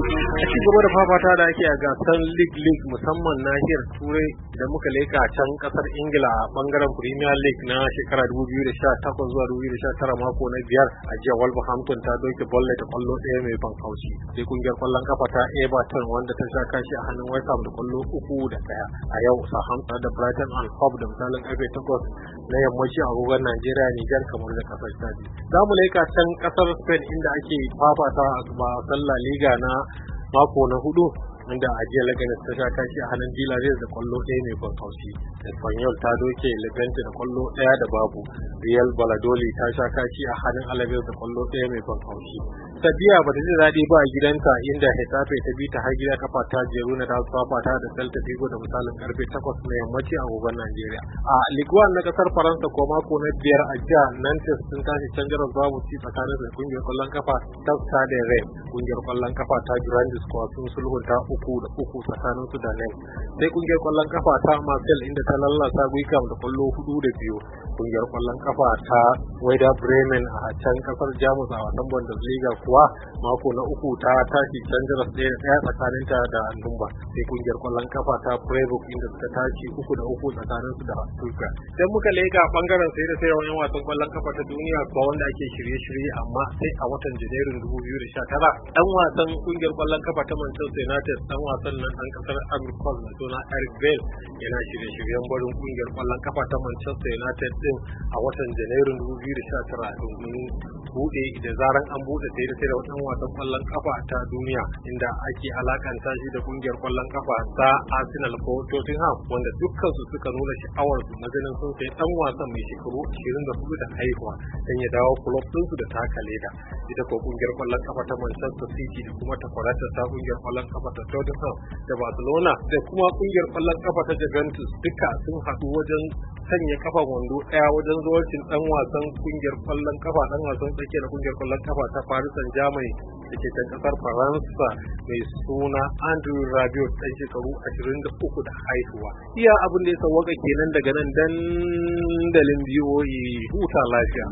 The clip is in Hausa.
a ci gaba da fafata da ake a gasar league league musamman nahiyar turai da muka leka can kasar ingila a bangaren premier league na shekara 2018 zuwa 2019 mako na biyar a jiya wolverhampton ta doke bolle da kwallo ɗaya mai ban haushi sai kungiyar kwallon kafa ta everton wanda ta sha kashi a hannun west ham da kwallo uku da ɗaya a yau southampton da brighton and hove da misalin karfe takwas na yammaci agogon najeriya jar kamar da kasar chad za mu leka can kasar spain inda ake fafata a wasan la liga na mako na hudu inda ajiyar laganis ta sha kashi a hannun dila zai da kwallo ɗaya mai ban haushi espanyol ta doke levante da kwallo ɗaya da babu real baladoli ta sha kashi a halin alabes da kwallo ɗaya mai ban haushi tafiya ba ta ji daɗi ba a gidanta inda hetafe ta bi ta har gida kafa ta jeru na ta da celta figo da misalin karfe takwas na yammaci a gogon najeriya a liguan na kasar faransa ko mako na biyar a jiya nantes sun tashi canjar babu ci tsakanin da kungiyar kwallon kafa ta stade ren kungiyar kwallon kafa ta grandis Squad, sun sulhunta uku da uku tsakanin su da nan sai kungiyar kwallon kafa ta marcel inda ta lallasa da kwallo hudu da biyu kungiyar kwallon kafa ta Werder Bremen a can kasar Jamus a wasan Bundesliga kuwa mako na uku ta tashi can jaras ɗaya tsakanin ta da Andumba sai kungiyar kwallon kafa ta Freiburg inda suka tashi uku da uku tsakanin su da Stuttgart. Idan muka leka bangaren sai da sai wani wasan kwallon kafa ta duniya ba wanda ake shirye-shirye amma sai a watan Janairun 2019 dan wasan kungiyar kwallon kafa ta Manchester United dan wasan nan dan kasar Amurka na suna Eric Bale yana shirye-shiryen barin kungiyar kwallon kafa ta Manchester United din a watan janairun 2019 domin bude da zaran an bude sai da sai da wasan wasan kwallon kafa ta duniya inda ake alakanta shi da kungiyar kwallon kafa ta Arsenal ko Tottenham wanda dukkan su suka nuna sha'awar su na ganin sun sai dan wasan mai shekaru 24 da haihuwa dan ya dawo club din su da taka leda ita ko kungiyar kwallon kafa ta Manchester City da kuma ta kwarata ta kungiyar kwallon kafa ta Tottenham da Barcelona da kuma kungiyar kwallon kafa ta Juventus duka sun haɗu wajen sanya kafa wando ɗaya wajen zuwancin ɗan wasan kungiyar kwallon kafa ɗan wasan tsakiyar kungiyar kwallon kafa ta Paris Saint-Germain da ke can ƙasar Faransa mai suna Andrew Rabiot ɗan shekaru 23 da haihuwa. Iya abin da ya sauwaka kenan daga nan dandalin biyoyi e, huta lafiya.